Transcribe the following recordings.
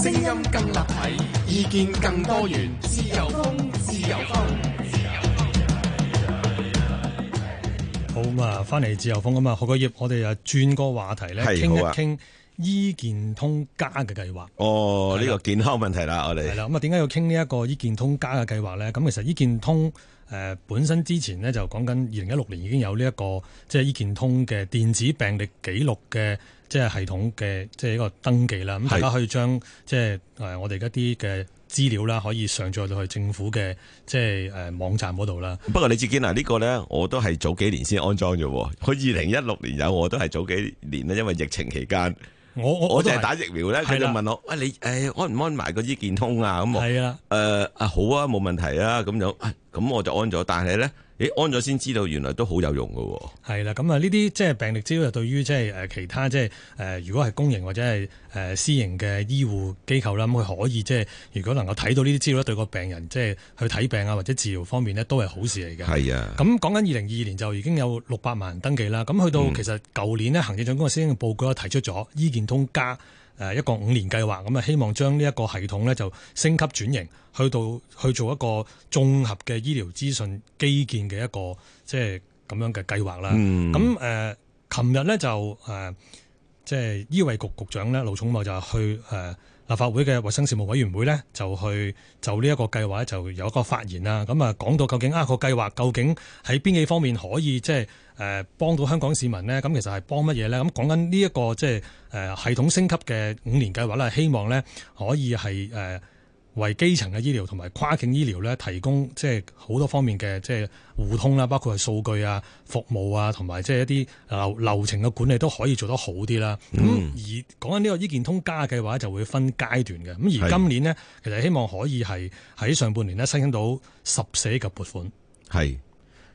聲音更立體，意見更多元，自由風，自由風，好自由風。好嘛，翻嚟自由風啊嘛，何國業，我哋啊轉個話題咧，傾、啊、一傾醫健通加嘅計劃。哦，呢的個健康問題啦，我哋係啦。咁啊，點解要傾呢一個醫健通加嘅計劃咧？咁其實醫健通誒、呃、本身之前咧就講緊二零一六年已經有呢、這、一個即係醫健通嘅電子病歷記錄嘅。即係系統嘅，即係一個登記啦。咁是大家可以將即係誒我哋一啲嘅資料啦，可以上載到去政府嘅即係誒網站嗰度啦。不過你知啦，呢、呢個咧我都係早幾年先安裝啫。佢二零一六年有，我都係早幾年啦。因為疫情期間，我我就係打疫苗咧，佢就問我：餵的、哎、你誒、哎、安唔安埋個醫健通啊？咁啊，誒啊的、呃、好啊，冇問題啊，咁樣。哎咁我就安咗，但係咧，誒安咗先知道，原來都好有用噶，哦。係啦，咁啊呢啲即係病歷資料，料，對於即係誒其他即係誒，如果係公營或者係誒私營嘅醫護機構啦，咁佢可以即係如果能夠睇到呢啲資料，對個病人即係去睇病啊或者治療方面呢，都係好事嚟嘅。係啊的，咁講緊二零二二年就已經有六百萬人登記啦。咁去到其實舊年呢，嗯、行政長官嘅施政報告提出咗醫健通加。誒一個五年計劃，咁啊希望將呢一個系統咧就升級轉型，去到去做一個綜合嘅醫療資訊基建嘅一個即係咁樣嘅計劃啦。咁誒、嗯，琴、呃、日咧就誒，即、呃、係、就是、醫衞局局長咧，盧寵茂就去誒、呃、立法會嘅衞生事務委員會咧，就去就呢一個計劃咧，就有一個發言啦。咁啊講到究竟啊、這個計劃究竟喺邊幾方面可以即係？誒、呃、幫到香港市民呢，咁其實係幫乜嘢呢？咁講緊呢一個即係、呃、系統升級嘅五年計劃咧，希望呢可以係誒、呃、為基層嘅醫療同埋跨境醫療呢提供即係好多方面嘅即係互通啦，包括係數據啊、服務啊同埋即係一啲流程嘅管理都可以做得好啲啦。咁、嗯、而講緊呢個醫健通加計劃就會分階段嘅。咁而今年呢，是的 其實希望可以係喺上半年呢，申請到十四億個撥款。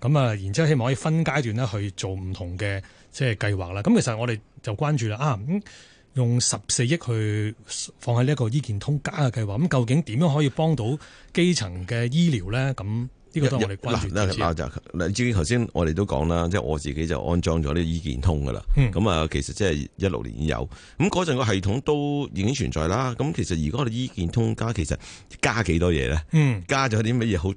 咁啊，然之後希望可以分階段咧去做唔同嘅即係計劃啦。咁其實我哋就關注啦，啊咁用十四億去放喺呢一個醫健通加嘅計劃，咁究竟點樣可以幫到基層嘅醫療咧？咁嗱嗱，就例如頭先我哋都講啦，即係我，我自己就安裝咗啲醫健通噶啦。咁啊、嗯，其實即係一六年已有，咁嗰陣個系統都已經存在啦。咁其實如果我哋醫健通加，其實加幾多嘢咧？嗯，加咗啲乜嘢好？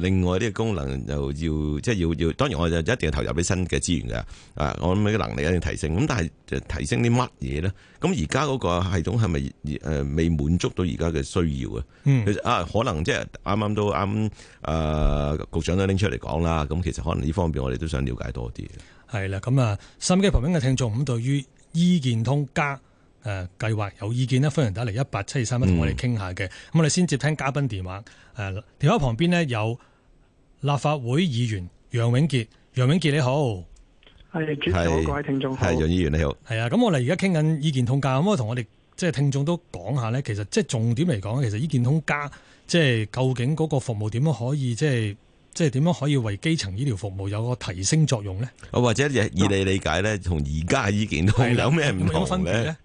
另外啲功能又要即係要要，當然我就一定係投入畀新嘅資源嘅。啊，我諗啲能力一定提升。咁但係提升啲乜嘢咧？咁而家嗰個系統係咪未滿足到而家嘅需要啊？嗯，其實啊，可能即係啱啱都啱啊。呃局長都拎出嚟講啦，咁其實可能呢方面我哋都想了解多啲。係啦，咁啊，收音機旁邊嘅聽眾，咁、嗯、對於醫健通加誒計劃有意見呢，歡迎打嚟一八七二三一，同、嗯、我哋傾下嘅。咁我哋先接聽嘉賓電話。誒、呃，電話旁邊呢有立法會議員楊永杰，楊永杰你好，係，係各位聽眾，係楊議員你好，係啊。咁我哋而家傾緊醫健通加，咁我同我哋。即係聽眾都講下咧，其實即係重點嚟講，其實醫健通加，即係究竟嗰個服務點樣可以即係即係點樣可以為基層醫療服務有個提升作用咧？或者以你理解咧，同而家嘅醫健通有咩唔同分別咧？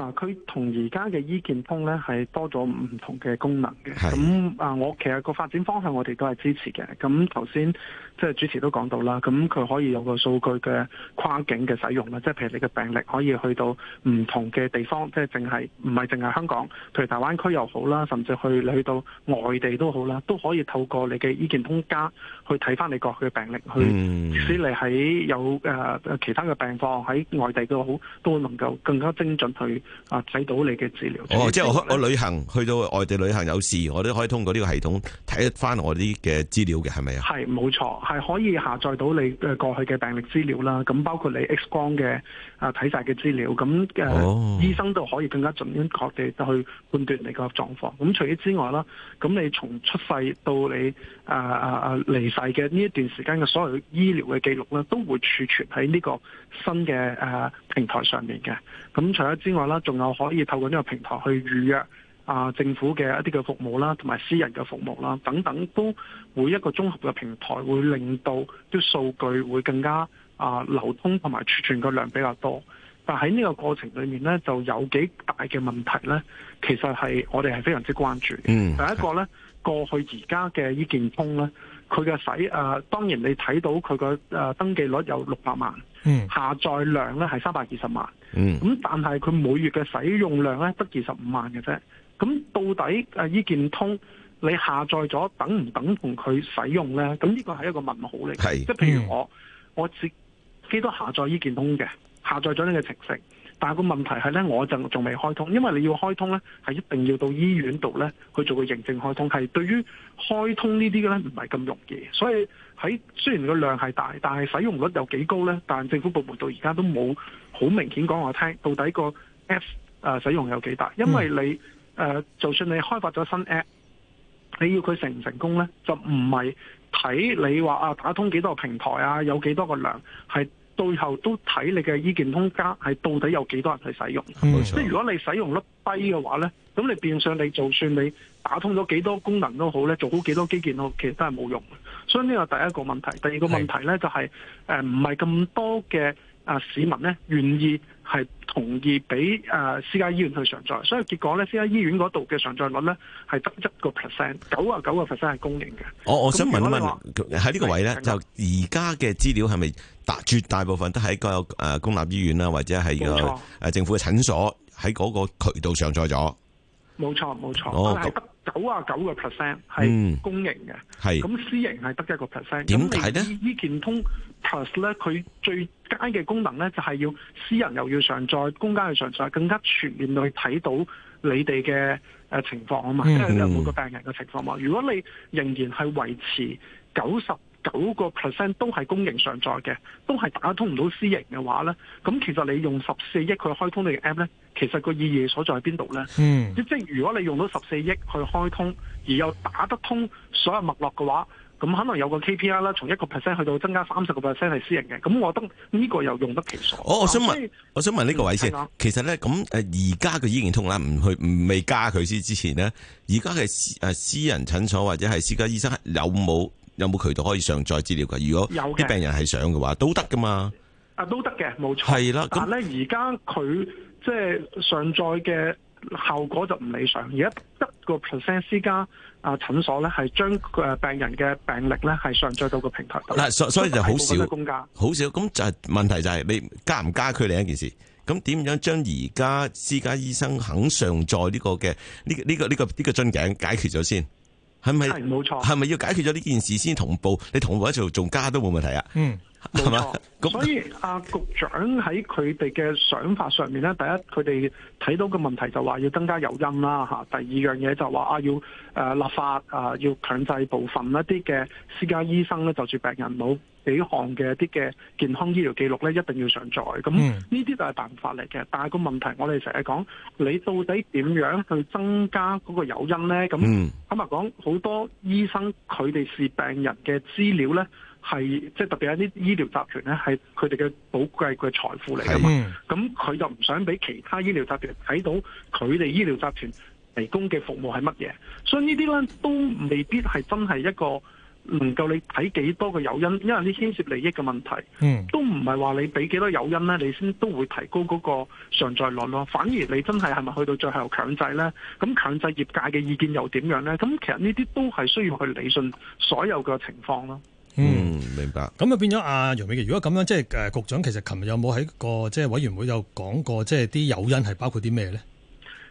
啊！佢同而家嘅醫健通咧係多咗唔同嘅功能嘅。咁啊的，我其實個發展方向我哋都係支持嘅。咁頭先即係主持都講到啦，咁佢可以有個數據嘅跨境嘅使用啦，即係譬如你嘅病歷可以去到唔同嘅地方，即係淨係唔係淨係香港，譬如大灣區又好啦，甚至去去到外地都好啦，都可以透過你嘅醫健通加。去睇翻你過去嘅病歷，去即使你喺有誒其他嘅病況喺外地都好，都能夠更加精準去啊，睇到你嘅治療。哦，即係我,我旅行去到外地旅行有事，我都可以通過呢個系統睇翻我啲嘅資料嘅，係咪啊？係冇錯，係可以下載到你誒過去嘅病歷資料啦。咁包括你 X 光嘅啊睇晒嘅資料，咁誒、哦、醫生都可以更加準確地去判斷你個狀況。咁除此之外啦，咁你從出世到你啊啊啊離世。係嘅呢一段時間嘅所有醫療嘅記錄咧，都會儲存喺呢個新嘅誒平台上面嘅。咁除咗之外啦，仲有可以透過呢個平台去預約啊政府嘅一啲嘅服務啦，同埋私人嘅服務啦等等，都會一個綜合嘅平台，會令到啲數據會更加啊流通同埋儲存嘅量比較多。但喺呢個過程裏面咧，就有幾大嘅問題咧，其實係我哋係非常之關注嘅。第一個咧，過去而家嘅醫健通咧，佢嘅使誒，當然你睇到佢嘅、呃、登記率有六百萬，下載量咧係三百二十萬，咁、嗯、但係佢每月嘅使用量咧得二十五萬嘅啫。咁到底誒醫健通你下載咗，等唔等同佢使用咧？咁呢個係一個問號嚟嘅，是即係譬如我、嗯、我自己都下載醫健通嘅，下載咗呢個程式。但個問題係咧，我就仲未開通，因為你要開通咧，係一定要到醫院度咧去做個認證開通。係對於開通呢啲嘅咧，唔係咁容易。所以喺雖然個量係大，但係使用率有幾高咧？但政府部門到而家都冇好明顯講我聽，到底個 app 誒使用有幾大？因為你誒、嗯呃，就算你開發咗新 app，你要佢成唔成功咧，就唔係睇你話啊打通幾多個平台啊，有幾多個量係最後都睇你嘅醫健通+係到底有幾多人去使用，嗯、即係如果你使用率低嘅話呢，咁你變相你就算你打通咗幾多功能都好呢，做好幾多基建都好，其實都係冇用，所以呢個第一個問題，第二個問題呢、就係，就係唔係咁多嘅、呃、市民呢願意。係同意俾誒私家醫院去上載，所以結果咧，私家醫院嗰度嘅上載率咧係得一個 percent，九啊九個 percent 係公營嘅。我、哦、我想問一問喺呢個位咧，的就而家嘅資料係咪大絕大部分都喺個誒公立醫院啦，或者係個誒政府嘅診所喺嗰個渠道上載咗？冇錯冇錯，九啊九個 percent 係公營嘅，係咁、嗯、私營係得一個 percent。咁你咧？呢件醫健通 Plus 咧，佢最佳嘅功能咧，就係要私人又要上載，公家又上載，更加全面去睇到你哋嘅誒情況啊嘛，跟住有每個病人嘅情況嘛。如果你仍然係維持九十，九個 percent 都係公營上載嘅，都係打通唔到私營嘅話咧，咁其實你用十四億去開通你嘅 app 咧，其實個意義所在喺邊度咧？嗯，即係如果你用到十四億去開通，而又打得通所有脈絡嘅話，咁可能有個 KPI 啦，從一個 percent 去到增加三十個 percent 係私營嘅，咁我覺得呢個又用得其所。我、哦、我想問，我想問呢個位先。嗯、其實咧，咁誒而家佢已經通啦，唔去唔未加佢先之前咧，而家嘅私誒私人診所或者係私家醫生有冇？有冇渠道可以上載資料噶？如果有啲病人係上嘅話，都得噶嘛？啊，都得嘅，冇錯。係啦，但係咧，而家佢即係上載嘅效果就唔理想。而家得個 percent 私家啊診所咧，係將誒病人嘅病歷咧係上載到個平台度。嗱，所所以就好少，好少。咁就係問題就係你加唔加佢另一件事。咁點樣將而家私家醫生肯上載呢、呢個嘅呢呢個呢、呢個呢、呢個呢個呢個樽頸解決咗先？係咪係冇錯？係咪錯要解決咗呢件事先同步？你同步一做仲加都冇問題啊？嗯，係嘛吧？咁所以阿 局長喺佢哋嘅想法上面咧，第一佢哋睇到嘅問題就話要增加誘因啦吓，第二樣嘢就話啊要誒立法啊要強制部分一啲嘅私家醫生咧就住病人冇。幾項嘅啲嘅健康醫療記錄咧，一定要上載。咁呢啲就係辦法嚟嘅。但係個問題，我哋成日講，你到底點樣去增加嗰個誘因咧？咁咁話講，好、嗯、多醫生佢哋是病人嘅資料咧，係即係特別係啲醫療集團咧，係佢哋嘅寶貴嘅財富嚟啊嘛。咁佢的就唔想俾其他醫療集團睇到佢哋醫療集團提供嘅服務係乜嘢，所以呢啲咧都未必係真係一個。能夠你睇幾多個誘因，因為啲牽涉利益嘅問題，嗯，都唔係話你俾幾多誘因咧，你先都會提高嗰個償在率咯。反而你真係係咪去到最後強制咧？咁強制業界嘅意見又點樣咧？咁其實呢啲都係需要去理順所有嘅情況咯。嗯，明白。咁啊變咗阿楊永杰，如果咁樣即係誒局長，其實琴日有冇喺個即係委員會有講過即係啲誘因係包括啲咩咧？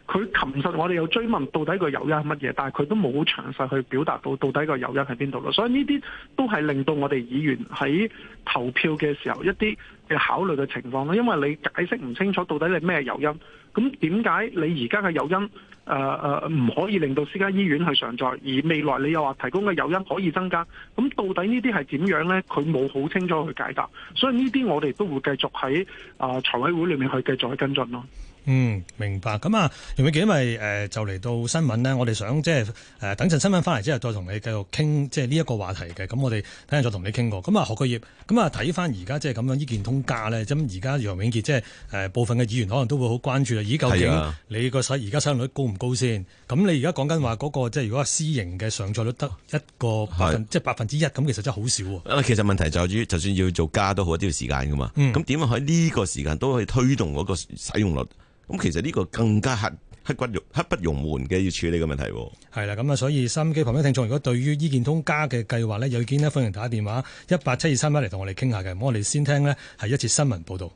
佢琴日我哋有追問到底個誘因係乜嘢，但係佢都冇詳細去表達到到底個誘因係邊度咯。所以呢啲都係令到我哋議員喺投票嘅時候一啲嘅考慮嘅情況咯。因為你解釋唔清楚到底你咩誘因，咁點解你而家嘅誘因誒誒唔可以令到私家醫院去上載，而未來你又話提供嘅誘因可以增加，咁到底呢啲係點樣呢？佢冇好清楚去解答，所以呢啲我哋都會繼續喺啊財委會裏面去繼續去跟進咯。呃嗯，明白。咁啊，楊永杰，咪、呃、誒就嚟到新聞呢，我哋想即係、呃、等陣新聞翻嚟之後，再同你繼續傾即係呢一個話題嘅。咁我哋等陣再同你傾過。咁、嗯、啊，學個業。咁、嗯、啊，睇翻而家即係咁樣，醫健通加咧。咁而家楊永杰即係、呃、部分嘅議員可能都會好關注啊。咦，究竟你個使而家使用率高唔高先？咁是、啊、你而家講緊話嗰、那個即係如果私營嘅上載率得一個百分，是啊、即係百分之一，咁其實真係好少啊。其實問題就在於，就算要做加都好，啲、這、要、個、時間噶嘛。咁點樣喺呢個時間都可以推動嗰個使用率？咁其實呢個更加刻刻骨肉、刻不容緩嘅要處理嘅問題，係啦。咁啊，所以收音機旁邊聽眾，如果對於醫健通加嘅計劃呢，有意見呢，歡迎打電話一八七二三一嚟同我哋傾下嘅，咁我哋先聽呢，係一次新聞報導。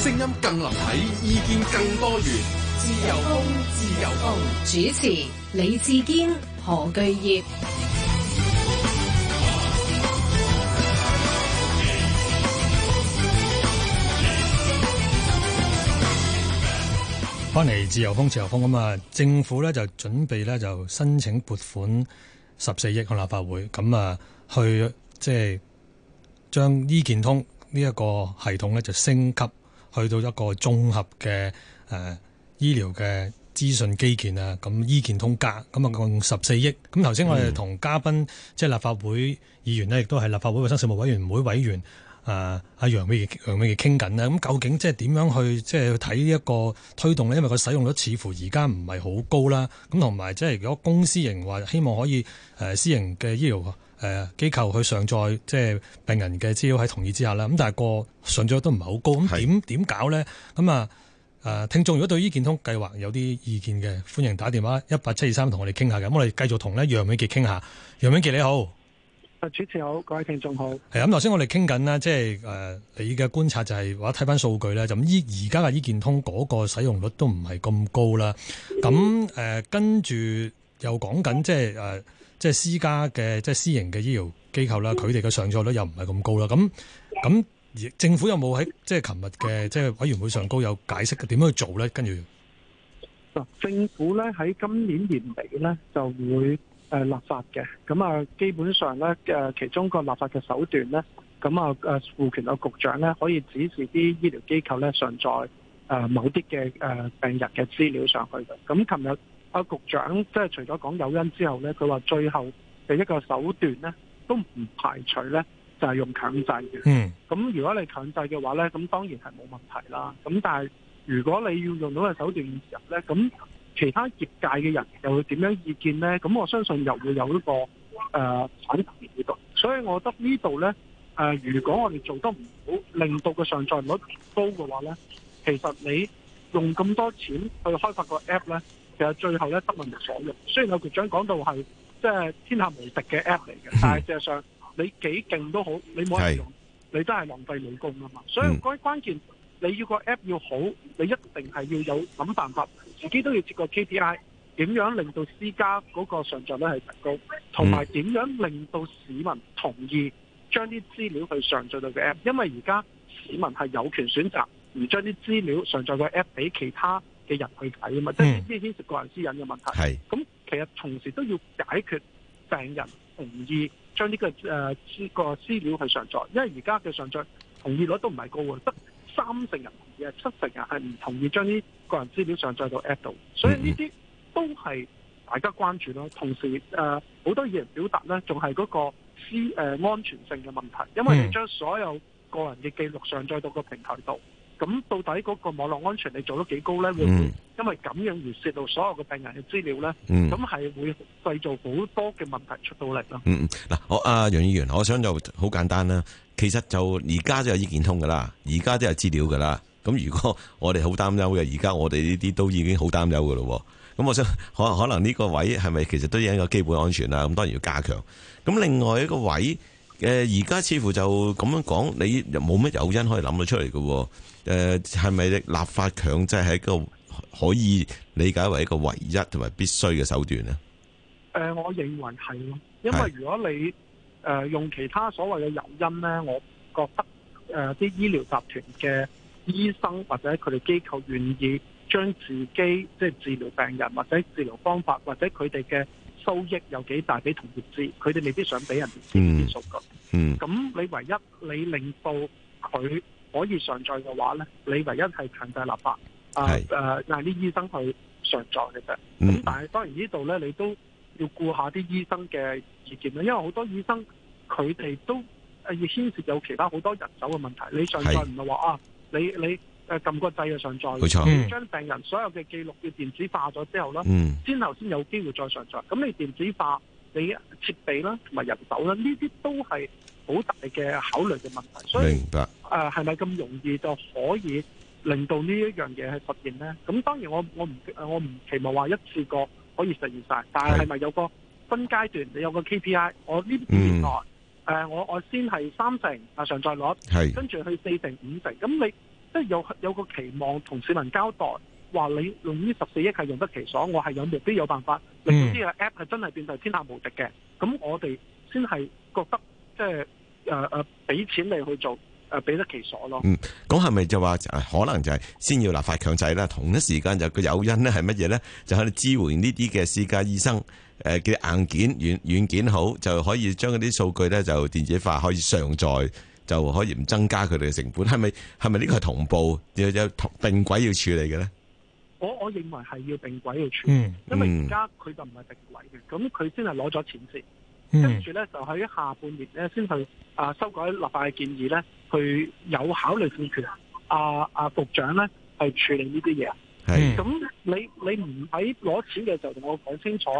聲音更立體，意見更多元。自由風，自由風。主持李志堅、何巨業。翻嚟自由風，自由風咁啊！政府咧就準備咧就申請撥款十四億去立法會，咁啊去即係將醫健通呢一個系統咧就升級。去到一個綜合嘅誒、呃、醫療嘅資訊基建啊，咁醫健通加，咁啊共十四億。咁頭先我哋同嘉賓，即、就、係、是、立法會議員呢，亦都係立法會衞生事務委員會委員、呃、啊，阿楊永杰，楊永杰傾緊咧。咁究竟即係點樣去即係睇呢一個推動呢？因為個使用率似乎而家唔係好高啦。咁同埋即係如果公私營話，希望可以誒私營嘅醫療，誒機構去上載，即係病人嘅資料喺同意之下啦。咁但係個上載率都唔係好高。咁點點搞咧？咁啊誒聽眾，如果對醫健通計劃有啲意見嘅，歡迎打電話一八七二三同我哋傾下嘅。我哋繼續同咧楊永傑傾下。楊永傑你好。啊主持好，各位聽眾好。咁頭先我哋傾緊啦，即係誒、呃、你嘅觀察就係話睇翻數據啦，就依而家嘅醫健通嗰個使用率都唔係咁高啦。咁跟住又講緊即係誒。呃即係私家嘅，即係私營嘅醫療機構啦，佢哋嘅上載率又唔係咁高啦。咁咁政府有冇喺即係琴日嘅即係委員會上高有解釋嘅點樣去做咧？跟住嗱，政府咧喺今年年尾咧就會誒立法嘅。咁啊，基本上咧誒，其中個立法嘅手段咧，咁啊誒，護權嘅局長咧可以指示啲醫療機構咧上載誒某啲嘅誒病人嘅資料上去嘅。咁琴日。阿局長即係除咗講誘因之後呢，佢話最後嘅一個手段呢都唔排除呢就係、是、用強制嘅。嗯，咁如果你強制嘅話呢，咁當然係冇問題啦。咁但係如果你要用到嘅手段嘅時候呢，咁其他業界嘅人又會點樣意見呢？咁我相信又會有一個誒反彈喺度。所以我覺得呢度呢，誒、呃，如果我哋做得唔好，令到個上載率高嘅話呢，其實你用咁多錢去開發個 app 呢。其實最後咧得物無所用，雖然劉局長講到係即係天下無敵嘅 app 嚟嘅，是但係事實上你幾勁都好，你冇人用，是你都係浪費武功噶嘛。所以關、嗯、關鍵你要個 app 要好，你一定係要有諗辦法，自己都要接個 KPI，點樣令到私家嗰個上載率係提高，同埋點樣令到市民同意將啲資料去上載到個 app，因為而家市民係有權選擇唔將啲資料上載個 app 俾其他嘅人去睇啊嘛，即係呢啲牽涉個人私隱嘅問題。係咁、嗯，其實同時都要解決病人同意將呢、這個誒、呃這個資料去上載，因為而家嘅上載同意率都唔係高喎，得三成人同意啊，七成人係唔同意將啲個人資料上載到 App 度，所以呢啲都係大家關注咯。同時誒，好、呃、多嘢人表達呢仲係嗰個私誒、呃、安全性嘅問題，因為將所有個人嘅記錄上載到個平台度。咁到底嗰個網絡安全你做到幾高咧？會唔會因為咁樣而泄露所有嘅病人嘅資料咧？咁係、嗯、會製造好多嘅問題出到嚟咯。嗯嗯，嗱、呃，我阿楊議員，我想就好簡單啦。其實就而家都有醫健通噶啦，而家都有資料噶啦。咁如果我哋好擔憂嘅，而家我哋呢啲都已經好擔憂喇咯。咁我想可可能呢個位係咪其實都已經一個基本安全啦？咁當然要加強。咁另外一個位。誒，而家似乎就咁樣講，你又冇乜誘因可以諗得出嚟嘅，誒，係咪立法強制係一個可以理解為一個唯一同埋必須嘅手段咧？誒、呃，我認為係咯，因為如果你誒用其他所謂嘅誘因咧，的我覺得誒啲、呃、醫療集團嘅醫生或者佢哋機構願意將自己即係治療病人或者治療方法或者佢哋嘅。收益有幾大俾同業知，佢哋未必想俾人知數咁、嗯嗯、你唯一你令到佢可以上載嘅話呢，你唯一係強制立法啊，誒，啲是、呃、醫生去上載嘅啫。咁、嗯、但係當然呢度呢，你都要顧下啲醫生嘅意見啦，因為好多醫生佢哋都誒牽涉有其他好多人手嘅問題。你上載唔係話啊，你你。誒，撳個掣就上載，錯嗯、將將病人所有嘅記錄要電子化咗之後咧，先、嗯、後先有機會再上載。咁你電子化，你設備啦同埋人手咧，呢啲都係好大嘅考慮嘅問題。所以明白。誒、呃，係咪咁容易就可以令到呢一樣嘢去實現呢？咁當然我我唔我唔期望話一次過可以實現晒，是但係係咪有個分階段？你有個 KPI，我呢五年內誒，我我先係三成啊上載率，跟住是去四成五成，咁你？即有有個期望同市民交代，話你用呢十四億係用得其所，我係有未必有辦法。呢個 app 係真係變到天下無敵嘅，咁我哋先係覺得，即係誒誒，俾、呃、錢你去做，誒、呃、俾得其所咯。嗯，咁係咪就話可能就係先要立法強制啦？同一時間就個誘因咧係乜嘢咧？就喺度支援呢啲嘅私家醫生，誒、呃、嘅硬件軟軟件好，就可以將嗰啲數據咧就電子化，可以上載。就可以唔增加佢哋嘅成本，係咪，係咪呢個係同步要要併軌要處理嘅咧？我我認為係要定軌要處理，嗯、因為而家佢就唔係定軌嘅，咁佢先係攞咗錢先，跟住咧就喺下半年咧先去啊修改立法嘅建議咧，去有考慮主權啊啊局長咧係處理呢啲嘢啊，咁的你你唔喺攞錢嘅時候同我講清楚。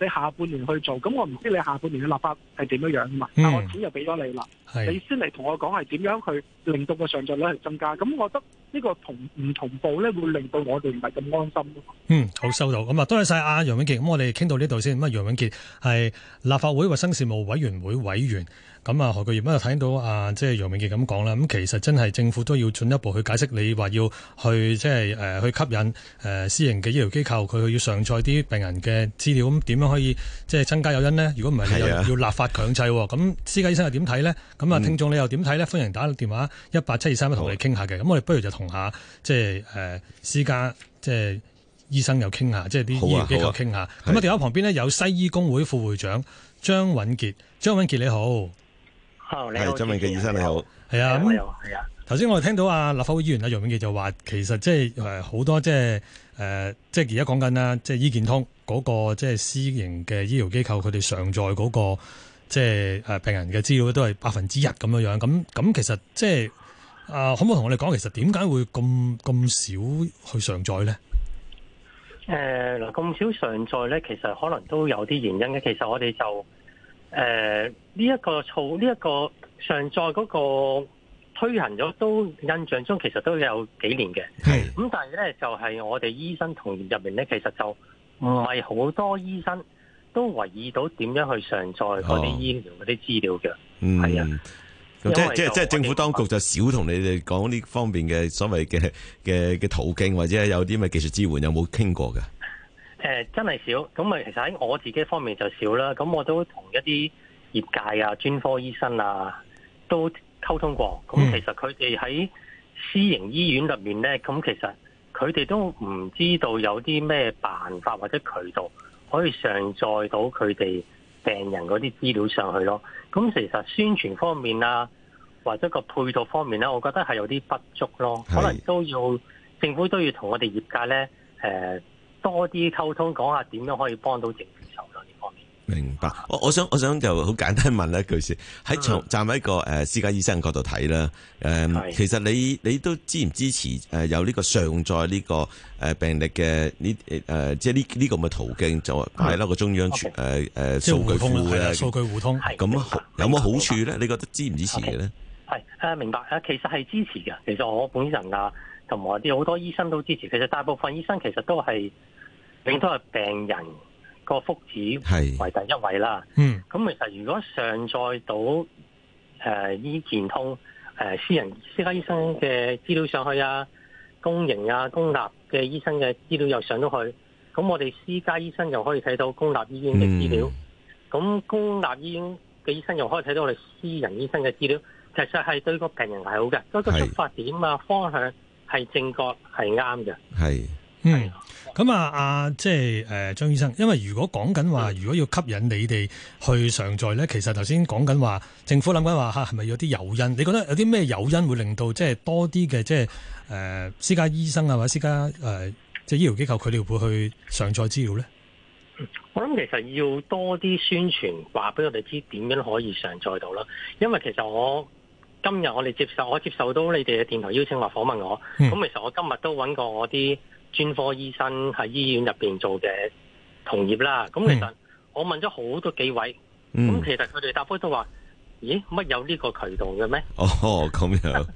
你下半年去做，咁我唔知你下半年嘅立法係點樣樣噶嘛？但我錢又俾咗你啦，嗯、你先嚟同我講係點樣去令到個上進率係增加，咁我覺得呢個同唔同步咧，會令到我哋唔係咁安心咯。嗯，好收到，咁啊，多謝晒阿楊永杰，咁我哋傾到呢度先。咁啊，楊永杰係立法會衛生事務委員會委員。咁啊，何巨業又睇到啊，即係楊永杰咁講啦。咁其實真係政府都要進一步去解釋，你話要去即係、就是呃、去吸引、呃、私營嘅醫療機構，佢要上載啲病人嘅資料。咁點樣，樣可以即係、就是、增加誘因呢？如果唔係，是啊、你要立法強制。咁私家醫生又點睇呢？咁啊，聽眾你又點睇呢？嗯、歡迎打電話一八七二三一同你傾下嘅。咁好、啊、我哋不如就同下即係誒私家即係醫生又傾下，即係啲醫療機構傾下。咁啊，啊、電話旁邊呢，是啊、有西醫工會副會長張允傑，張允傑你好。Hello，你係，張允傑醫生你好。係啊，咁係好啊。頭先我哋聽到阿立法會議員阿楊永杰就話，其實即係誒好多即係誒，即係而家講緊啦，即、就、係、是、醫健通嗰個即係私營嘅醫療機構，佢哋上載嗰個即係誒病人嘅資料都係百分之一咁樣樣。咁咁其實即係啊，可唔可以同我哋講，其實點解會咁咁少去上載咧？誒、呃，嗱，咁少上載咧，其實可能都有啲原因嘅。其實我哋就。誒，呢一、呃這個措呢一個上載嗰個推行咗都印象中其實都有幾年嘅，咁 但係咧就係、是、我哋醫生同業入面咧，其實就唔係好多醫生都留意到點樣去上載嗰啲醫療嗰啲資料嘅，哦、的嗯，即係就即係即係政府當局就少同你哋講呢方面嘅所謂嘅嘅嘅途徑，或者有啲咩技術支援有冇傾過嘅？誒、呃，真係少咁啊！其實喺我自己方面就少啦。咁我都同一啲業界啊、專科醫生啊都溝通過。咁其實佢哋喺私營醫院入面呢，咁其實佢哋都唔知道有啲咩辦法或者渠道可以上載到佢哋病人嗰啲資料上去咯。咁其實宣傳方面啊，或者個配套方面呢，我覺得係有啲不足咯。可能都要政府都要同我哋業界呢。誒、呃。多啲溝通，講下點樣可以幫到政府手啦呢方面。明白，我我想我想就好簡單問一句先，喺從、嗯、站喺個誒、呃、私家醫生角度睇啦。誒、呃，是其實你你都支唔支持誒有呢個上載呢個誒病歷嘅呢誒即係呢呢個咁嘅途徑，就係攞個中央誒誒是數據庫嘅數據互通。咁那的有冇好處咧？你覺得支唔支持嘅咧？係明白其實係支持嘅。其實我本人啊。同埋啲好多醫生都支持，其實大部分醫生其實都係，更多係病人個福祉係為第一位啦。嗯是，咁其實如果上載到誒醫、呃、健通誒、呃、私人私家醫生嘅資料上去啊，公營啊公立嘅醫生嘅資料又上到去，咁我哋私家醫生，醫、嗯、醫、醫生又可以睇到公立醫院嘅資料，咁公立醫院嘅醫生又可以睇到我哋私人醫生嘅資料，其實係對個病人係好嘅，嗰個出發點啊是方向。係正確，係啱嘅。係是，嗯，咁啊，阿即係，誒，張醫生，因為如果講緊話，的如果要吸引你哋去上載咧，其實頭先講緊話，政府諗緊話吓，係咪有啲誘因？你覺得有啲咩誘因會令到即係多啲嘅，即係，誒、呃，私家醫生啊，或者私家，誒、呃，即係醫療機構，佢哋會去上載資料咧？我諗其實要多啲宣傳，話俾我哋知點樣可以上載到啦。因為其實我。今日我哋接受，我接受到你哋嘅電台邀請話訪問我，咁、嗯、其實我今日都揾過我啲專科醫生喺醫院入邊做嘅同業啦。咁、嗯、其實我問咗好多幾位，咁、嗯、其實佢哋答覆都話，咦，乜有呢個渠道嘅咩？哦，咁樣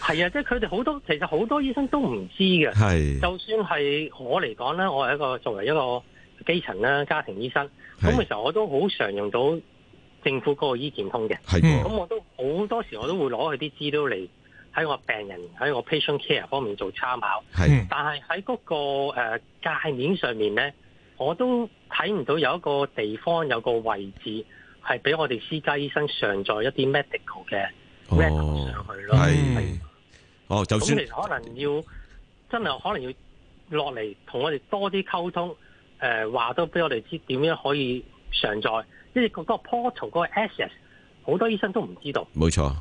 係啊，即係佢哋好多，其實好多醫生都唔知嘅。係是，就算係我嚟講咧，我係一個作為一個基層啦家庭醫生，咁是其實我都好常用到。政府嗰個醫健通嘅，咁的我都好多時我都會攞佢啲資料嚟喺我病人喺我 patient care 方面做參考，是的但係喺嗰個、呃、界面上面咧，我都睇唔到有一個地方有個位置係俾我哋私家醫生上載一啲 medical 嘅 record 上去咯。係，哦，咁的、哦、你可能要真係可能要落嚟同我哋多啲溝通，誒話都俾我哋知點樣可以上載。即係嗰個 portal 嗰個 access，好多醫生都唔知道。冇錯，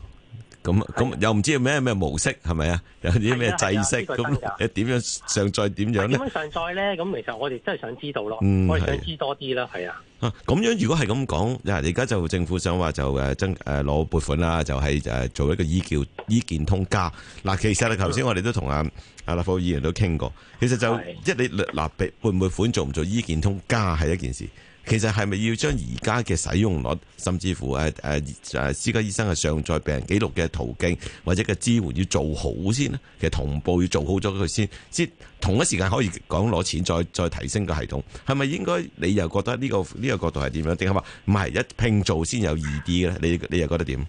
咁咁又唔知咩咩模式係咪啊？有啲咩制式咁？誒，點樣上載點樣咧？點樣上載咧？咁其實我哋真係想知道咯，我哋想知多啲啦，係啊。咁樣如果係咁講，嗱，而家就政府想話就誒增誒攞撥款啦，就係誒做一個醫叫醫健通加。嗱，其實啊，頭先我哋都同阿阿立法會議員都傾過，其實就一你嗱撥會唔會款做唔做醫健通加係一件事。其實係咪要將而家嘅使用率，甚至乎誒誒誒私家醫生嘅上載病人記錄嘅途徑，或者嘅支援要做好先咧？其實同步要做好咗佢先，即同一時間可以講攞錢再，再再提升個系統，係咪應該？你又覺得呢、這個呢、這個角度係點樣？定係話唔係一拼做先有易啲嘅咧？你你又覺得點？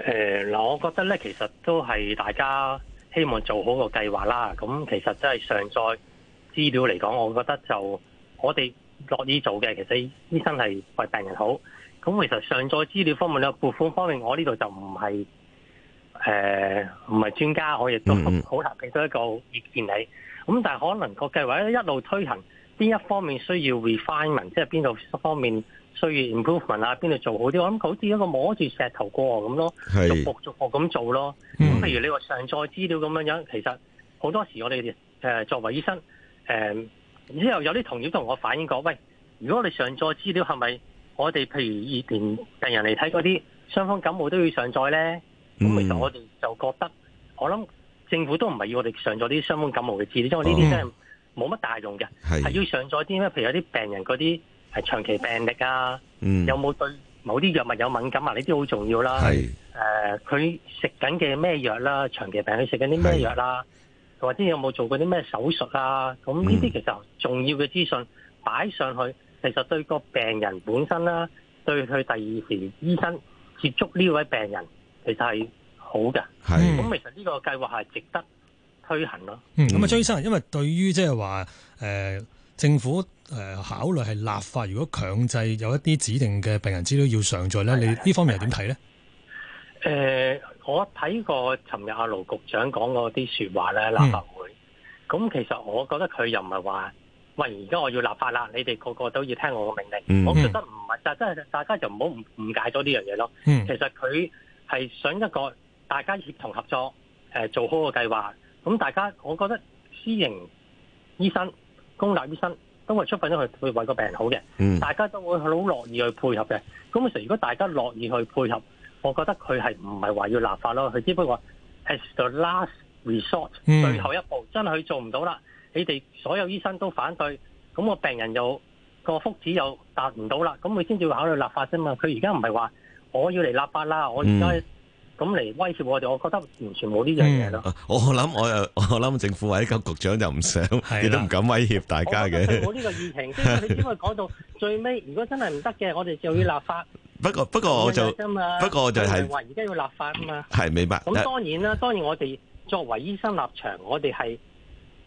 誒嗱、呃，我覺得咧，其實都係大家希望做好個計劃啦。咁其實真係上載資料嚟講，我覺得就我哋。樂意做嘅，其實醫生係為病人好。咁其實上載資料方面咧，撥款方面，我呢度就唔係誒唔係專家，可以好難俾到一個意見你。咁、嗯、但係可能個計劃一路推行，邊一方面需要 refinement，即係邊度方面需要 improvement 啊，邊度做好啲，我諗好似一個摸住石頭過河咁，咯，逐步逐步咁做咯。咁譬、嗯、如你話上載資料咁樣樣，其實好多時我哋誒、呃、作為醫生誒。呃然之後有啲同業同我反映過，喂，如果我哋上載資料，係咪我哋譬如以前病人嚟睇嗰啲傷風感冒都要上載咧？咁、嗯、其實我哋就覺得，我諗政府都唔係要我哋上載啲傷風感冒嘅資料，因為呢啲真係冇乜大用嘅，係、哦、是要上載啲咩？譬如有啲病人嗰啲係長期病歷啊，嗯、有冇對某啲藥物有敏感啊？呢啲好重要啦。係誒，佢食緊嘅咩藥啦？長期病佢食緊啲咩藥啦？或者有冇做過啲咩手術啊？咁呢啲其實重要嘅資訊擺上去，其實對個病人本身啦，對佢第二時醫生接觸呢位病人，其實係好嘅。係的。咁其實呢個計劃係值得推行咯、嗯。嗯。咁啊、嗯，張醫生，因為對於即係話，誒、呃，政府誒考慮係立法，如果強制有一啲指定嘅病人資料要上載咧，的你呢方面係點睇咧？誒。呃我睇過尋日阿盧局長講嗰啲說話咧，立法會咁，嗯、其實我覺得佢又唔係話，喂，而家我要立法啦，你哋個個都要聽我嘅命令。嗯、我覺得唔係，嗯、但真係大家就唔好誤解咗呢樣嘢咯。嗯、其實佢係想一個大家協同合作，做好個計劃。咁大家，我覺得私營醫生、公立醫生都係出份力去去為個病人好嘅，嗯、大家都會好樂意去配合嘅。咁其實如果大家樂意去配合，我覺得佢係唔係話要立法咯，佢只不過係 the last resort、嗯、最後一步，真係佢做唔到啦。你哋所有醫生都反對，咁個病人又個福祉又達唔到啦，咁佢先至會考慮立法啫嘛。佢而家唔係話我要嚟，立法啦，我而家咁嚟威脅我哋，我覺得完全冇呢樣嘢咯。我諗我又我諗政府或者級局，局長就唔想，亦 的都唔敢威脅大家嘅。我呢個議程即係佢只係講到最尾，如果真係唔得嘅，我哋就要立法。不過不過我就是不，是不過就係話而家要立法啊嘛，係明白。咁當然啦，當然我哋作為醫生立場，我哋係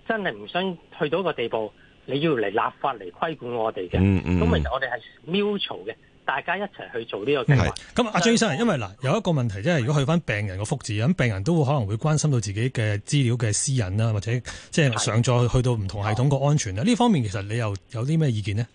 真係唔想去到一個地步，你要嚟立法嚟規管我哋嘅。咁、嗯嗯、其實我哋係 mutual 嘅，大家一齊去做呢個計劃。咁阿張醫生，因為嗱有一個問題，即係如果去返病人個福祉，咁病人都可能會關心到自己嘅資料嘅私隱啦，或者即係上載去到唔同系統個安全啦。呢、嗯、方面其實你又有啲咩意見呢？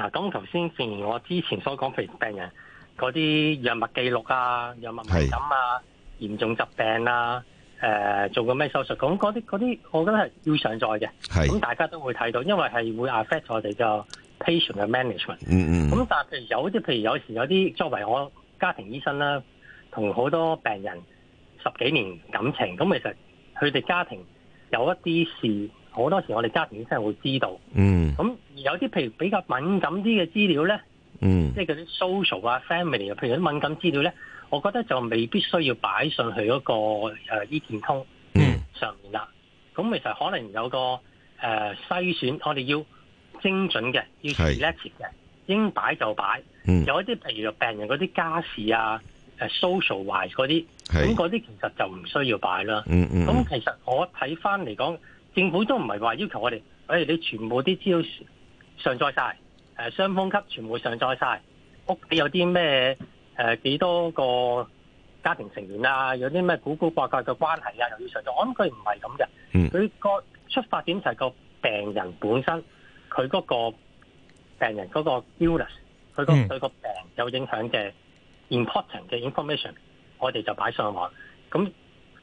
嗱，咁頭先正如我之前所講，譬如病人嗰啲藥物記錄啊、藥物敏感啊、是嚴重疾病啊、呃、做過咩手術，咁嗰啲嗰啲我覺得係要上載嘅。咁是大家都會睇到，因為係會 affect 我哋嘅 patient 嘅 management。嗯嗯。咁但係譬如有啲有時有啲作為我家庭醫生啦，同好多病人十幾年感情，咁其實佢哋家庭有一啲事。好多時我哋家庭醫生會知道，嗯，咁有啲譬如比較敏感啲嘅資料咧，嗯，即係嗰啲 social 啊、family 啊，譬如啲敏感資料咧，我覺得就未必需要擺去、那個呃、上去嗰個誒醫健通，嗯，上面啦。咁其實可能有個誒、呃、篩選，我哋要精準嘅，要 select 嘅，是應擺就擺。嗯、有一啲譬如病人嗰啲家事啊、啊 social wise 嗰啲，咁嗰啲其實就唔需要擺啦、嗯。嗯嗯。咁其實我睇翻嚟講。政府都唔係話要求我哋，哋、哎，你全部啲資料上載晒，誒雙峰級全部上載晒。屋企有啲咩誒幾多個家庭成員啊，有啲咩古古怪怪嘅關係啊，又要上載。我諗佢唔係咁嘅，佢個、嗯、出發點就係個病人本身，佢嗰個病人嗰個 illness、嗯、s 佢個對個病有影響嘅 important 嘅 information，我哋就擺上網，咁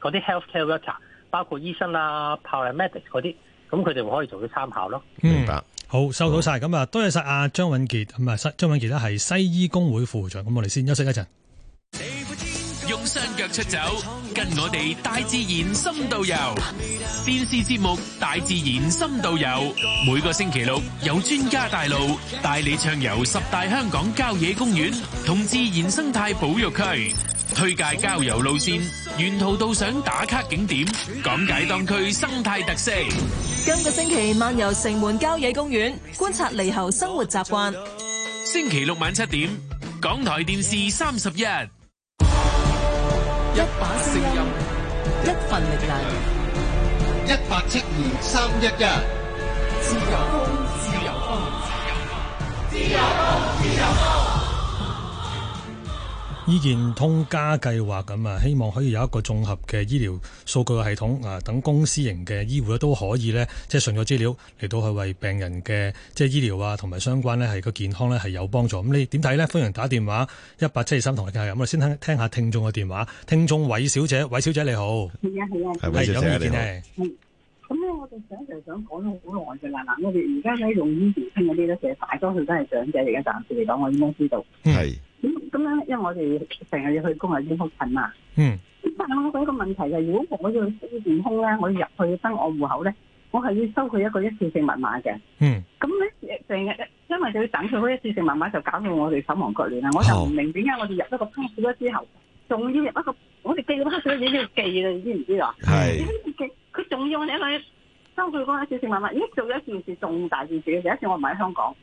嗰啲 healthcare worker。包括醫生啊、炮啊、medic 嗰啲，咁佢哋可以做啲參考咯。明白，好收到曬，咁啊，多謝曬阿張允傑，咁啊，張允傑咧係西醫工會副會長，咁我哋先休息一陣。用雙腳出走，跟我哋大自然深度遊。電視節目《大自然深度遊》，每個星期六有專家帶路帶你暢遊十大香港郊野公園同自然生態保育區。推介郊遊路線，沿途到上打卡景點，講解當區生態特色。今個星期漫遊城門郊野公園，觀察獼猴生活習慣。星期六晚七點，港台電視三十一。一把聲音，一份力量。一八七二三一一。自由風，自由風，自由風，自由風。醫健通加計劃咁啊，希望可以有一個綜合嘅醫療數據嘅系統啊，等公私型嘅醫護咧都可以咧，即係順咗資料嚟到去為病人嘅即係醫療啊同埋相關咧係個健康咧係有幫助。咁、嗯、你點睇咧？歡迎打電話一八七二三同你哋傾。咁啊，先聽聽下聽眾嘅電話。聽眾韋小姐，韋小姐你好。係啊，係啊。係韋小姐有、啊、好意見咧。嗯，咁我哋想就想講咗好耐嘅啦。嗱，我哋而家咧用醫療傾嘅呢啲嘢，大多數都係長者嚟嘅。暫時嚟講，我應該知道。嗯係咁咁樣，因為我哋成日要去公立醫院複診啊。嗯。咁但係我講一個問題嘅，如果我要去健康咧，我入去登入戶口咧，我係要收佢一個一次性密碼嘅。嗯。咁咧、嗯，成日因為就要等佢開一次性密碼，就搞到我哋手忙腳亂啦，我就唔明點解我哋入一個公司咗之後，仲要入一個，我哋記水佢嘢要記啦，你知唔知啊？係是。佢仲要你去。收佢一次性密碼，咦做咗一件事重大件事嘅第一次，我唔喺香港，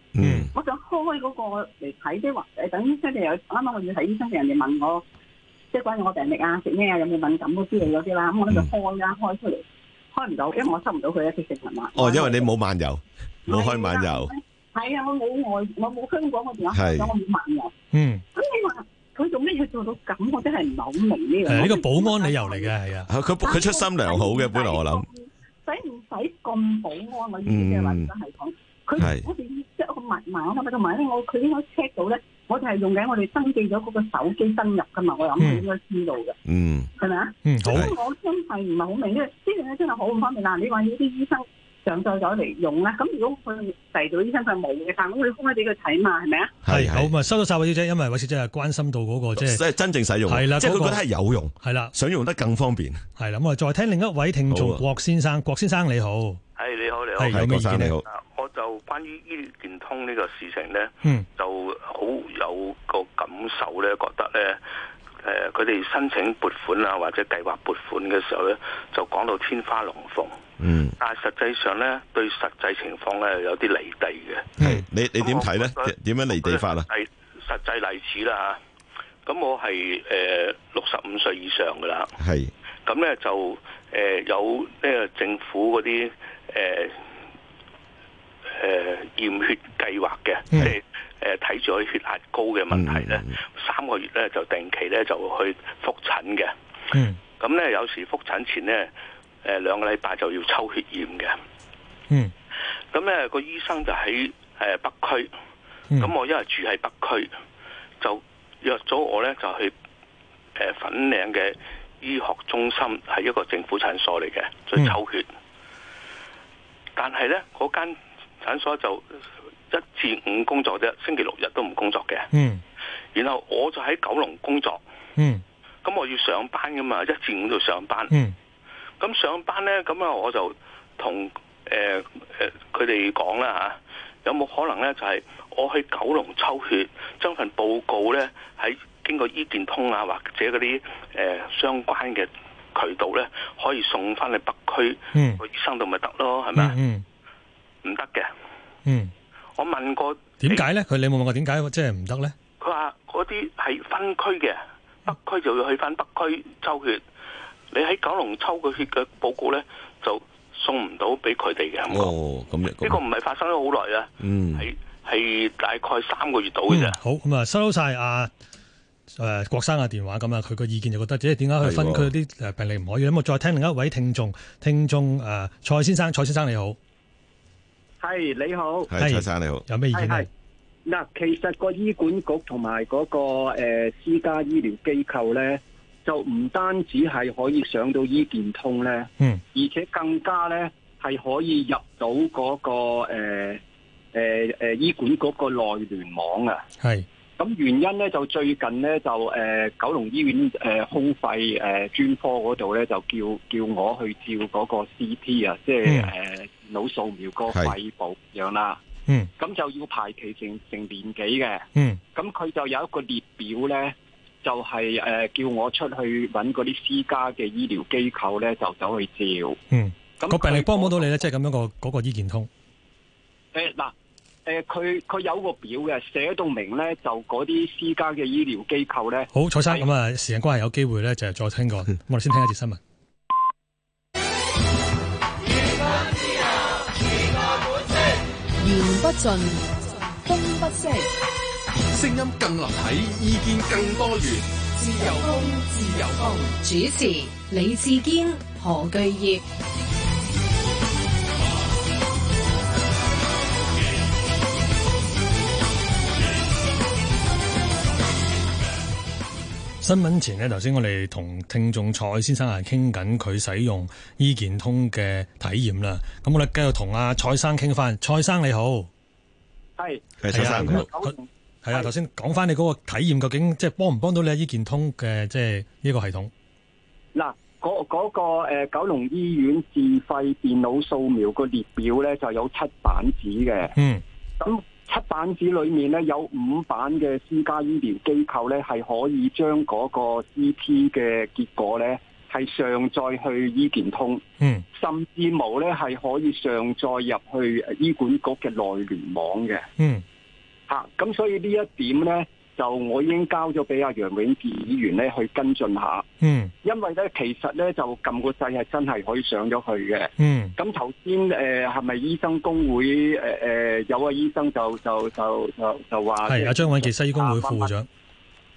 我想開嗰個嚟睇啲話誒，等醫生嚟，啱啱我要睇醫生嘅人哋問我，即係關於我病歷啊、食咩啊、有冇敏感嗰啲嘢嗰啲啦，咁我咧就開啦，開出嚟開唔到，因為我收唔到佢一次性密碼。哦，因為你冇漫遊，冇開漫遊，係啊，我冇外，我冇香港嘅電話，所以冇漫遊。嗯。咁你話佢做咩嘢做到咁？我真係唔諗明呢個。誒，呢個保安理由嚟嘅係啊，佢佢出心良好嘅，本來我諗。使唔使咁保安嗰啲嘅話，都係講佢我哋設一個密碼咁，同埋咧我佢應該 check 到咧，我就係用緊我哋登記咗嗰個手機登入噶嘛，我諗佢應該知道嘅，係咪啊？咁吧、嗯、我真係唔係好明，因為呢樣嘢真係好唔方便嗱，你話呢啲醫生。上載咗嚟用呢？咁如果佢第二度醫生佢冇嘅，但係我封開俾佢睇嘛，係咪啊？係，好，啊，收到晒，位小姐，因為位小姐係關心到嗰個即係真正使用，係啦，那個、即係佢覺得係有用，係啦的，想用得更方便，係啦，咁啊，再聽另一位聽眾的郭先生，郭先生你好，係你好，你好，係是是郭先生意見你好，我就關於醫療健通呢個事情咧，嗯、就好有個感受咧，覺得咧。誒，佢哋、呃、申請撥款啊，或者計劃撥款嘅時候咧，就講到天花龍鳳，嗯，但係實際上咧，對實際情況咧，有啲離地嘅，係你你點睇咧？點樣離地法啊？係實際例子啦吓，咁我係誒六十五歲以上噶啦，係是，咁咧就誒、呃、有呢個政府嗰啲誒誒驗血計劃嘅。嗯誒，睇住佢血壓高嘅問題咧，嗯、三個月咧就定期咧就會去復診嘅。嗯，咁咧、嗯、有時復診前咧，誒、呃、兩個禮拜就要抽血驗嘅。嗯，咁咧、嗯嗰個醫生就喺誒、呃、北區，咁我因為住喺北區，嗯、就約咗我咧就去誒、呃、粉嶺嘅醫學中心，係一個政府診所嚟嘅，就抽血。嗯、但係咧，嗰間診所就。一至五工作啫，星期六日都唔工作嘅。嗯，然後我就喺九龍工作。嗯，咁我要上班噶嘛，一至五就上班。嗯，咁上班咧，咁啊我就同誒誒佢哋講啦吓，有冇可能咧就係我去九龍抽血，將份報告咧喺經過醫健通啊或者嗰啲誒相關嘅渠道咧，可以送翻去北區，嗯，個醫生度咪得咯，係咪啊？嗯，唔得嘅。嗯。我問過點解咧？佢你冇問過點解即係唔得咧？佢話嗰啲係分區嘅，嗯、北區就要去翻北區抽血。你喺九龍抽個血嘅報告咧，就送唔到俾佢哋嘅。哦，咁呢過、哦、個唔係發生咗好耐啊？嗯，係係大概三個月到嘅啫。好，咁啊收晒阿誒郭生嘅電話。咁啊，佢個意見就覺得，即係點解佢分區啲病例唔可以咁我的再聽另一位聽眾，聽眾誒、啊、蔡先生，蔡先生你好。係、hey, 你好，hey, 蔡先生你好，有咩意見？嗱，hey, hey. nah, 其實個醫管局同埋、嗰個誒、呃、私家醫療機構咧，就唔單止係可以上到醫健通咧，嗯，hmm. 而且更加咧係可以入到嗰、嗰個誒誒誒醫管局個內聯網啊。係，咁原因咧就最近咧就誒、呃、九龍醫院誒胸肺誒專科嗰度咧就叫叫我去照嗰個 CT 啊，即係誒。Yeah. 腦掃描個肺部樣啦，嗯，咁就要排期成成年幾嘅，嗯，咁佢就有一個列表咧，就係、是、誒、呃、叫我出去揾嗰啲私家嘅醫療機構咧，就走去照，嗯，咁他個病歷幫唔幫到你咧？即係咁樣、那個、那個醫健通，誒嗱、呃，誒佢佢有個表嘅，寫到明咧，就嗰啲私家嘅醫療機構咧，好彩生咁啊，以時間關係有機會咧就係再聽講，嗯、我哋先聽一節新聞。言不盡，風不息。聲音更立體，意見更多元。自由風，自由風。主持：李志堅、何巨業。新聞前咧，頭先我哋同聽眾蔡先生係傾緊佢使用醫健通嘅體驗啦。咁我哋繼續同阿蔡生傾翻。蔡生你好，係，係蔡生喎。係啊，頭先講翻你嗰個體驗，究竟即係幫唔幫到你？醫健通嘅即係呢個系統。嗱，嗰、嗰、嗰個誒、嗰個、九龍醫院自費電腦掃描個列表咧，就有七版紙嘅。嗯。七版紙裏面咧，有五版嘅私家醫療機構咧係可以將嗰個 E P 嘅結果咧係上載去醫健通，嗯，甚至無咧係可以上載入去醫管局嘅內聯網嘅，嗯，吓， 咁、啊、所以呢一點咧。就我已經交咗俾阿楊永杰議員咧，去跟進下，嗯，因為咧其實咧就撳個掣係真係可以上咗去嘅，嗯。咁頭先誒係咪醫生工會誒誒有個醫生就就就就就話係啊，張允傑西醫工會副會長，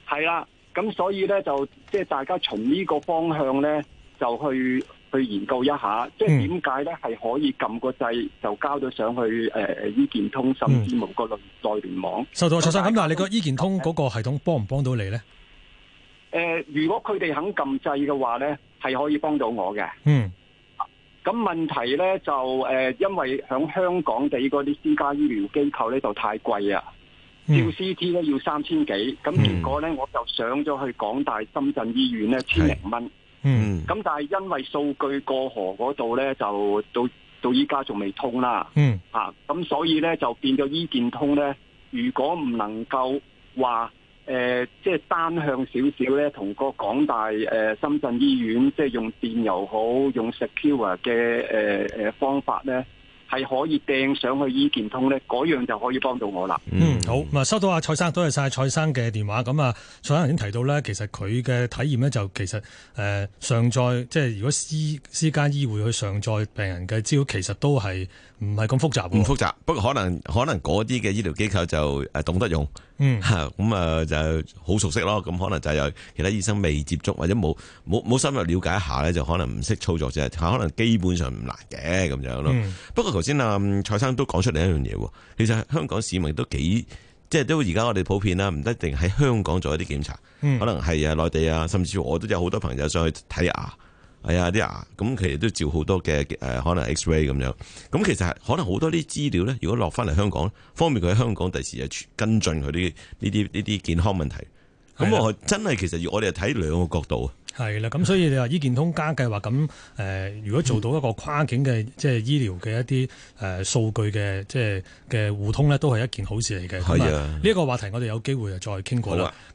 係啦。咁所以咧就即係大家從呢個方向咧就去去研究一下，即係點解咧係可以撳個掣就交咗上去？誒、呃，醫健通甚至無個內聯網。收到，收到是。咁但係你個醫健通嗰個系統幫唔幫到你咧？誒、呃，如果佢哋肯撳掣嘅話咧，係可以幫到我嘅。嗯。咁、啊、問題咧就誒、呃，因為響香港地嗰啲私家醫療機構咧就太貴啊。嗯。照 CT 咧要三千幾，咁結果咧，嗯、我就上咗去港大深圳醫院咧千零蚊。嗯，咁但係因為數據過河嗰度咧，就到到依家仲未通啦。嗯，吓、啊，咁所以咧就變咗醫健通咧，如果唔能夠話誒，即、呃、係、就是、單向少少咧，同個港大誒、呃、深圳醫院即係、就是、用電郵又好用 secure 嘅誒誒、呃呃、方法咧。係可以掟上去醫健通咧，嗰樣就可以幫到我啦。嗯，好。啊，收到阿蔡生，多謝晒蔡生嘅電話。咁啊，蔡生已經提到咧，其實佢嘅體驗咧，就其實誒、呃、上載，即係如果私私家醫會去上載病人嘅資料，其實都係唔係咁複雜。唔、嗯、複雜，不過可能可能嗰啲嘅醫療機構就誒懂得用，嗯咁啊 就好熟悉咯。咁可能就有其他醫生未接觸或者冇冇冇深入了解一下咧，就可能唔識操作啫。可能基本上唔難嘅咁樣咯。嗯、不過頭先啊，蔡生都講出嚟一樣嘢。其實香港市民都幾，即係都而家我哋普遍啦，唔一定喺香港做一啲檢查，嗯、可能係啊內地啊，甚至乎我都有好多朋友上去睇牙，係啊啲牙，咁其實都照好多嘅誒，可能 X-ray 咁樣，咁其實可能好多啲資料咧，如果落翻嚟香港方便佢喺香港第時啊跟進佢啲呢啲呢啲健康問題，咁的我真係其實我哋係睇兩個角度啊。係啦，咁所以你話醫健通加計劃咁，誒、呃，如果做到一個跨境嘅即係醫療嘅一啲誒數據嘅即係嘅互通咧，都係一件好事嚟嘅。係啊的，呢個話題我哋有機會又再傾過啦。